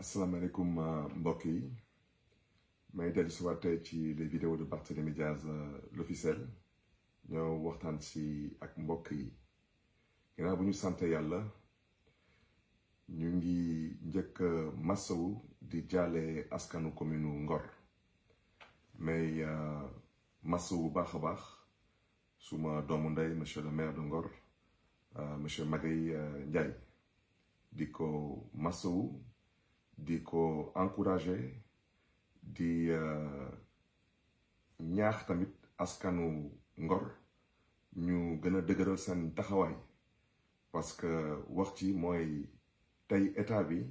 asalaamaaleykum alaikum euh, yi may dellu si waat ci les vidéos de Barthélémy Diaz euh, l'officiel ñoo waxtaan Mboki. ak mbokk yi ginnaaw bu ñu sant yàlla ñu ngi njëkk massawu di jaale askanu commune Ngor may euh, massou bu baax a baax suma doomu ndey monsieur le maire de Ngor monsieur Magaye Ndiaye di ko massawu di ko encourager di euh, ñaax tamit askanu Ngor ñu gën a dëgëral seen taxawaay parce que wax ci mooy tey état bi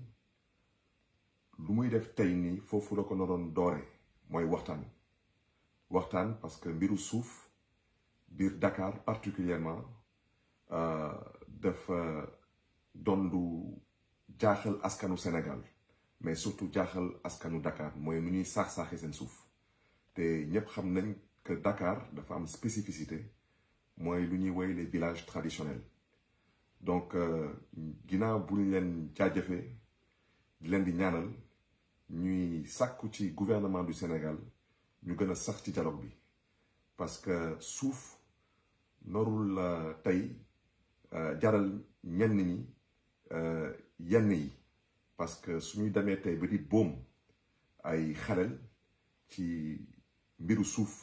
lu muy def tey nii foofu la ko naroon doore mooy waxtaan waxtaan parce que mbiru suuf biir Dakar particulièrement euh, dafa doon lu jaaxal askanu Sénégal mais surtout askanu Dakar moy nu sax saax souf. xam nañ que Dakar dafa am spécificité moy lu woy les villages traditionnels donc euh, guina len di di gouvernement du Sénégal ñu gëna sax ci parce que souf, norul euh, jaral ñenn euh, parce que su ñu demee tey ba di boom ay xalel ci mbiru suuf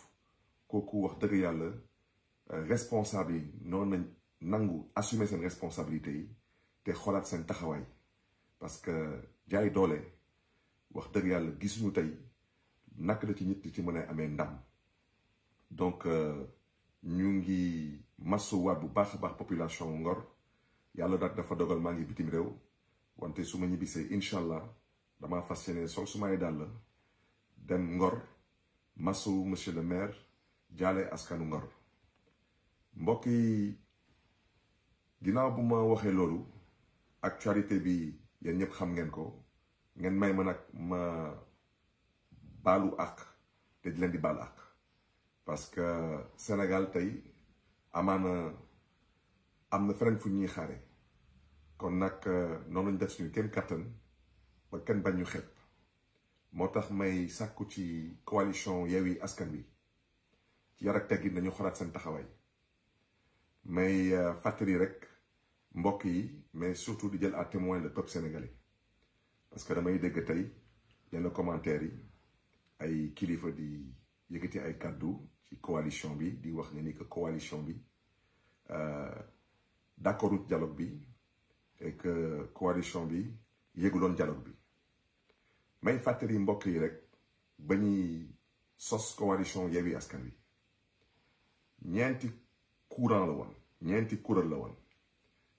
kooku wax dëgg yalla euh, responsable non nañ nangu assumer ses responsabilité yi xolat sen taxaway parce que jaay d'olé, wax dëgg yàlla gisuñu tay nak la ci nit ci mën a ndam donc euh, ñu ngi wa bu baax baax population Ngor yalla daal dafa dogal ma ngi bitim rew wante su ma ñibbisee incha allah damaa fas yéene sol su may dàll dem Ngor masu monsieur le maire jaale askanu Ngor mbokk yi ginnaaw bu ma waxee loolu actualité bi yéen ñëpp xam ngeen ko ngeen may ma nag ma baalu àq te di leen di baal àq parce que Sénégal tey amaana am na feneen fu ñuy xaare kon nak euh, nonu def suñu ken kattan ba ken bañu un motax may sakku ci coalition yewi Askan bi ci yar ak nañu may euh, rek yi mais surtout di jël à témoin le peuple sénégalais parce que damay dégg tey commentaires yi ay kilifa di de ay kàddu ci coalition bi di wax ni que coalition bi euh, dialogue bi et que coalition bi doon dialogue bi may fàttali mbokk yi rek ba ñuy sos coalition Yewwi Askan Wi ñeenti courant la woon ñeenti kuréel la woon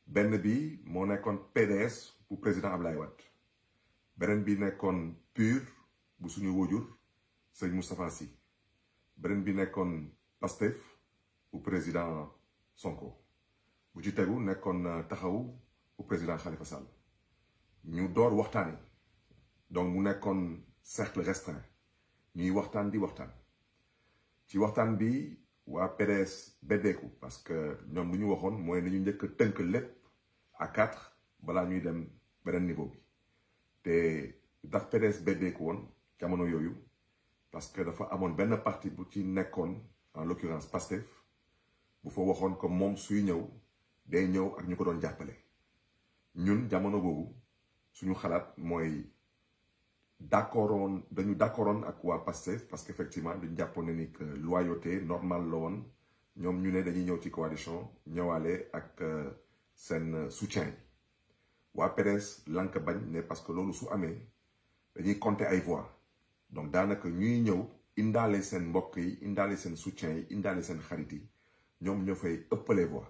benn bi moo nekkoon PDS bu président lay Wade beneen bi nekkoon PUR bu suñu wóojur sëñ Moustapha Sy beneen bi nekkoon PASTEF bu président Sonko bu ci tegu nekkoon taxawu au président Khalifa Sall ñu door waxtaan donc mu un cercle restreint Nous waxtaan di waxtaan ci waxtaan bi nous Nous beddeeku parce que nous devons ñu nañu que a que à quatre ñuy dem restreint. niveau bi nous parce que dafa benn parti bu ci en l'occurrence Pastef bu fa comme nous ñëw ñun jamono gogu suñu xalaat moy d'accordone dañu d'accordone ak quoi Pastef parce que effectivement dañu jàppoon ni que loyauté normal la woon ñoom ñu ne dañuy ñëw ci coalition ñëwaale ak euh, sen euh, soutien wa PDS lank bañ né parce que lolu su amé dañuy compter ay voix donc que ñuy ñëw indalé sen mbokk yi indalé sen soutien yi indalé sen xarit yi ñom ñofay fay voix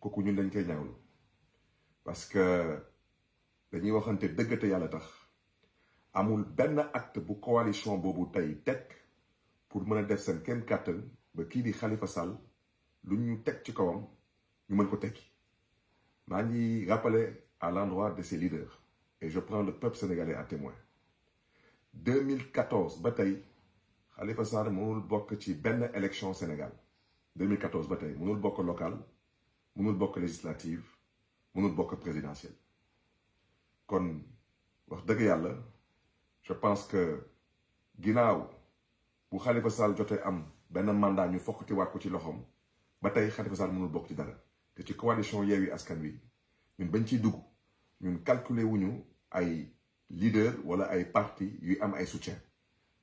kooku ñun dañ koy ñaawlu parce que dañuy waxante dëggate yàlla tax amul benn acte bu coalition boobu tey teg pour mën a def seen kenn kàttan ba kii di Khalifa Sall lu ñu teg ci kawam ñu mën ko tekki maa ngi rappeler à l'endroit de ses leaders et je prends le peuple sénégalais à témoin 2014 ba tey Khalifa Sall mënul bokk ci benn élection Sénégal 2014 ba tey mënul bokk local mënul bokk législative mënul bokk présidentiel kon wax dëgg yàlla je pense que ginnaaw bu Khalifa Sall jotee am benn mandat ñu fokkatiwaat ko ci loxoom ba tey Khalifa Sall mënul bokk ci dara te ci coalition Yewwi Askan Wi ñun bañ ci dugg ñun calculé wuñu ay leader wala ay parti yu am ay soutien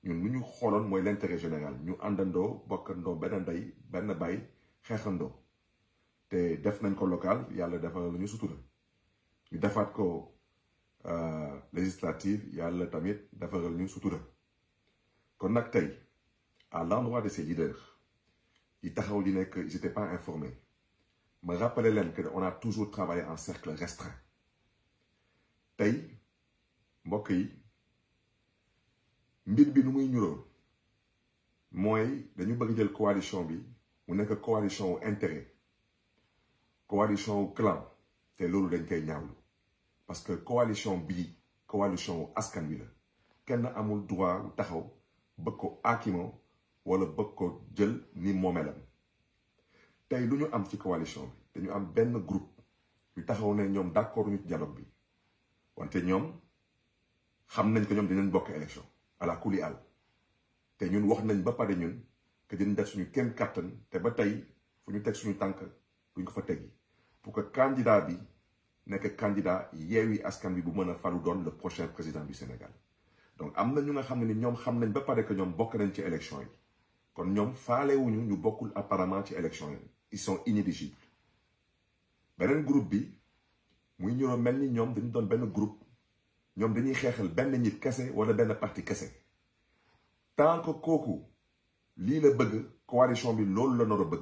ñun lu ñu xooloon mooy l'intérêt général ñu àndandoo bokkandoo benn ndey benn bay xeexandoo te def nañ ko local yàlla defal la sutura ñu defaat ko euh, législative yàlla tamit defal ñu sutura kon nag tey à l'endroit de ces leaders yi taxaw di nekk ils étaient pas informés ma rappelé leen que on a toujours travaillé en cercle restreint tey mbokk yi mbir bi nu muy ñuróo mooy dañu bëgg jël coalition bi mu nekk coalition intérêt coalition wu clan te loolu dañ koy ñaawlu parce que coalition bii coalition wu askan wi la kenn amul droit taxaw bëgg ko aakimoo wala bëgg ko jël ni moomelam tey lu ñu am ci coalition bi dañu am benn groupe yu taxaw ne ñoom d'accord ñu ci dialogue bi wante ñoom xam nañ ko ñoom dinañ bokk élection ala kuli àll te ñun wax nañ ba pare ñun que dinañ def suñu kenn kàttan te ba tey fu ñu teg suñu tànk duñ ko fa teggi pour que candidat bi que candidat le prochain président du Sénégal donc amna ñu nga xam xam nañ ba que bokk nañ ci élection yi kon apparemment ci élection ils sont inéligibles Le groupe bi muy groupe ñom dañuy xéxal nit wala tant que la bëgg coalition bi loolu la bëgg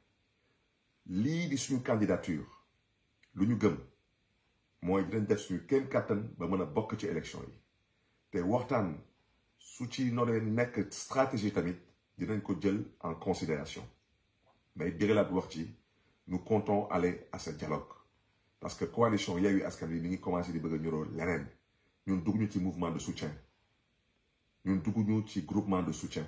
li di suñu candidature luñu gëm moy dinañ def suñu kenn katan ba mëna a bokk ci élection yi té waxtaan su ci noree nek stratégie tamit dinañ ko jël en considération mais la wax ci nous comptons aller à ce dialogue parce que coalition Yewwi Askan bi mi ngi commencé di bëgg ñu rôle lénen ñun dugg ñu ci mouvement de soutien ñun dugg ñu ci groupement de soutien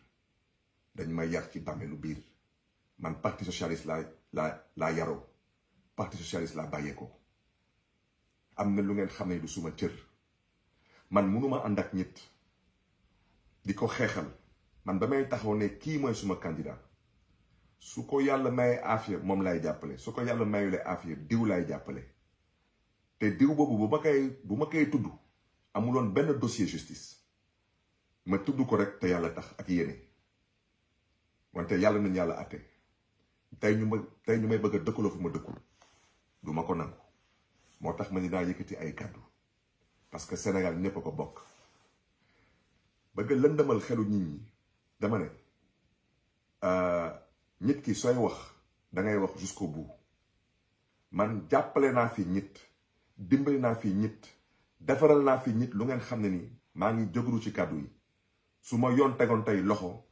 dañ may yar ci bàmmeelu biir man parti socialiste laa laa laa yaroo parti socialiste laa bàyyeekoo am na lu ngeen xam ne du suma cër man munuma ànd ak nit di ko xeexal man ba may taxaw ne kii mooy suma candidat su ko yàlla mayee aafiya moom laay jàppale su ko yàlla mayulee aafiya diw laay jàppale te diw boobu bu ma koy bu ma koy tudd amuloon benn dossier justice ma tudd ko rek te yàlla tax ak yéene wante yàlla nañu yàlla àtte tey ñu tey ñu may bëgg a fu ma dëkkul du ma ko nangu moo tax ma ni daa yëkkati ay kàddu parce que Sénégal ñëpp a ko bokk bëgg lëndamal xelu nit ñi dama ne euh, nit ki sooy wax dangay wax jusqu'au bout man jàppale naa fi nit dimbali naa fi nit defaral naa fi nit lu ngeen xam ne nii maa ngi jógaru ci kàddu yi su ma yoon tegoon tey loxo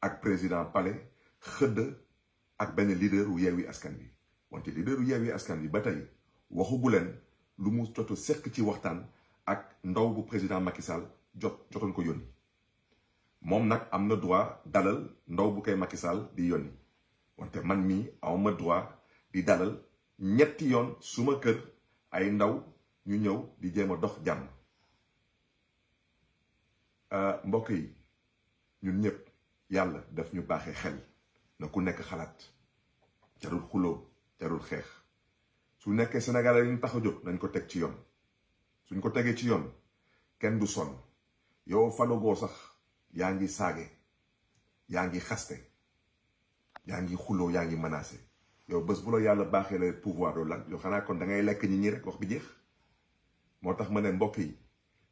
ak président palais xëdd ak ben leader wu yewi askan bi wante leader wu yewi askan bi batay waxu waxugu len lu mu toto sekk ci waxtan ak ndaw bu président Macky Sall jot jotoon ko yoni moom nak amna droit dalal ndaw bu kay Macky Sall di Yoni. wante man mi awma droit di dalal ñetti yoon suma kër ay ndaw ñu ñew di jema dox jam euh mbokk yi ñun yàlla def ñu baaxee xel na ku nekk xalaat jarul xuloo jarul xeex su nekkee Sénégal yi ñu tax nañ ko teg ci yoon suñ ko tegee ci yoon kenn du son yow falogoo sax yaa ngi saage yaa ngi xaste yaa ngi xuloo yaa ngi menacé yow bés bu la yàlla baaxee la pouvoir loolu lan yow xanaa kon da ngay lekk ñi ñi rek wax bi jeex moo tax ma ne mbokk yi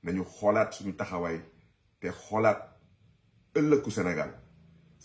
nañu xoolaat suñu taxawaay te xoolaat ëllëgu Sénégal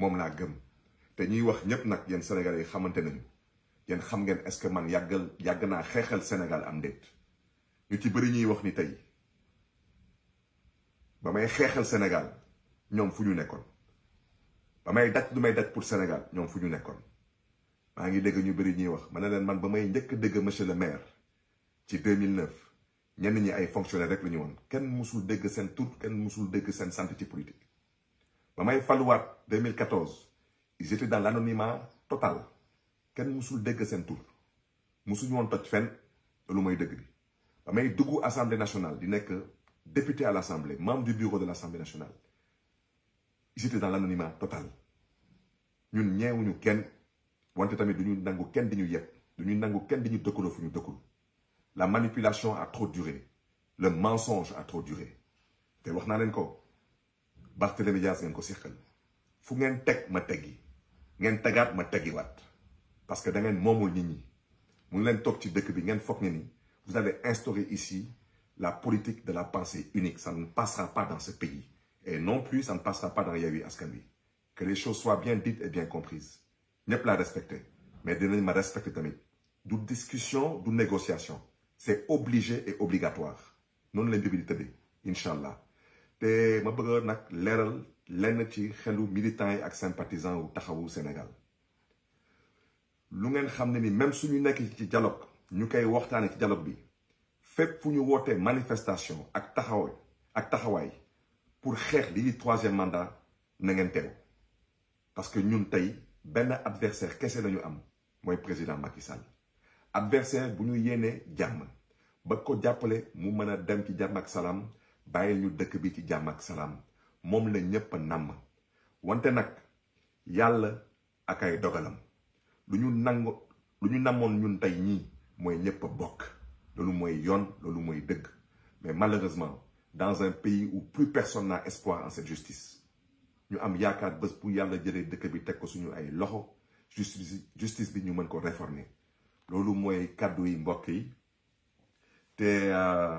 mom la gëm té ñuy wax ñëpp nak yeen sénégalais xamanté xamante nañu yéen xam ngeen est-ce que man yàggal yàgg naa xeexal Sénégal am dét ñu ci bëri ñuy wax ni tay ba may xeexal Sénégal ñom fuñu ñu ba may dat may pour Sénégal ñom fuñu ñu ma ngi dégg ñu bëri ñuy wax mané len man ba may dégg monsieur le maire ci 2009 ñen ñi ay fonctionnaire rek lañu won musul dégg sen tur ken musul dégg sen santé ci politique En 2014 ils étaient dans l'anonymat total Quel musul dégg seen Moussoul musuñu woon toj fenn lu mooy dëgg bi ba assemblée nationale di que député à l'Assemblée, membre du bureau de l'Assemblée nationale ils étaient dans l'anonymat total ñun ñeewuñu kenn wante tamit du nous nangu ken di ñu yeb nangu ken la manipulation a trop duré le mensonge a trop duré te wax naa Barthélémy Diaz, ngeen ko seqal fu ngeen teg ma teggi ngeen tegaat ma teggiwaat parce que da ngeen moomul nit ñi mu leen toog ci dëkk bi ngeen foog ne vous avez instauré ici la politique de la pensée unique ça ne passera pas dans ce pays et non plus ça ne passera pas dans Yewwi Askan que les choses soient bien dites et bien comprises ñëpp pas respecté mais dinañ ma respecté tamit du discussion du négociation c'est obligé et obligatoire Non leen di tëddee inshallah Inch'Allah te ma bëgg nak leeral lenn ci xelu militants yi ak sympathisants wu taxawu Sénégal lu ngeen xam ne ni même suñu nekk ci dialogue ñu koy waxtaane ci dialogue bi fépp fu ñu wootee manifestation ak taxaw ak taxawaay pour xeex 3 troisième mandat na ngeen teew parce que ñun tey benn adversaire kese lañu am mooy président Macky Sall adversaire bu ñu yéenee jàmm ba ko jàppale mu mën a dem ci jàmm ak salaam bàyyil ñu dëkk bi ci jàmm ak salaam moom la ñëpp nàmm wante nag yàlla ak ay dogalam lu ñu nangu lu ñu namoon ñun tey ñii mooy ñëpp bokk loolu mooy yoon loolu mooy dëgg mais malheureusement dans un pays où plus personne n'a espoir en cette justice ñu am yaakaar bés bu yàlla jëlee dëkk bi teg ko suñu ay loxo justice justice bi ñu mën ko réformer loolu mooy kàddu yi mbokk yi te euh,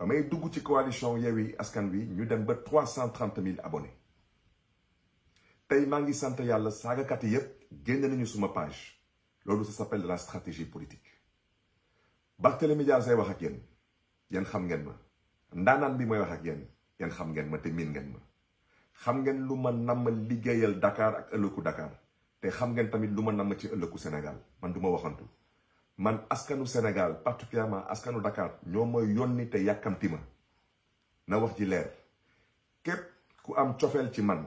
ba may dugg ci coalition Yewwi Askan nous ñu dem ba abonnés tey Santayal, ngi sant gagnez le sur yépp nañu suma page loolu ça s'appelle la stratégie politique Barthélémy Dias say wax ak yéen yéen xam ngeen ma ndaanaan bi mooy wax ak Dakar ak ëllëgu Dakar te xam ngeen tamit lu ma namm ci Sénégal man man askanu Sénégal particulièrement askanu Dakar ñoo mooy yónni te yàkkamti ma na wax ji leer képp ku am cofeel ci man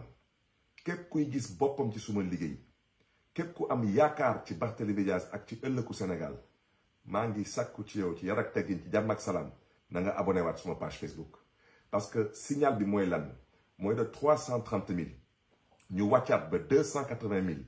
képp kuy gis boppam ci suma liggéey képp ku am yaakaar ci Barthélémy Dias ak ci ëllëgu Sénégal maa ngi sakku ci yow ci yar ak teggin ci jàmm ak salaam na nga abonné waat suma page Facebook parce que signal bi mooy lan mooy de trois cent trente mille ñu wàccaat ba deux cent quatre-vingt mille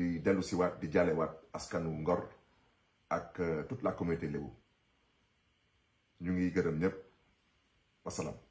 di dellu siwaat di jàllewaat askanu Ngor ak euh, toute la communauté lébu ñu ngi gërëm ñëpp wasalaam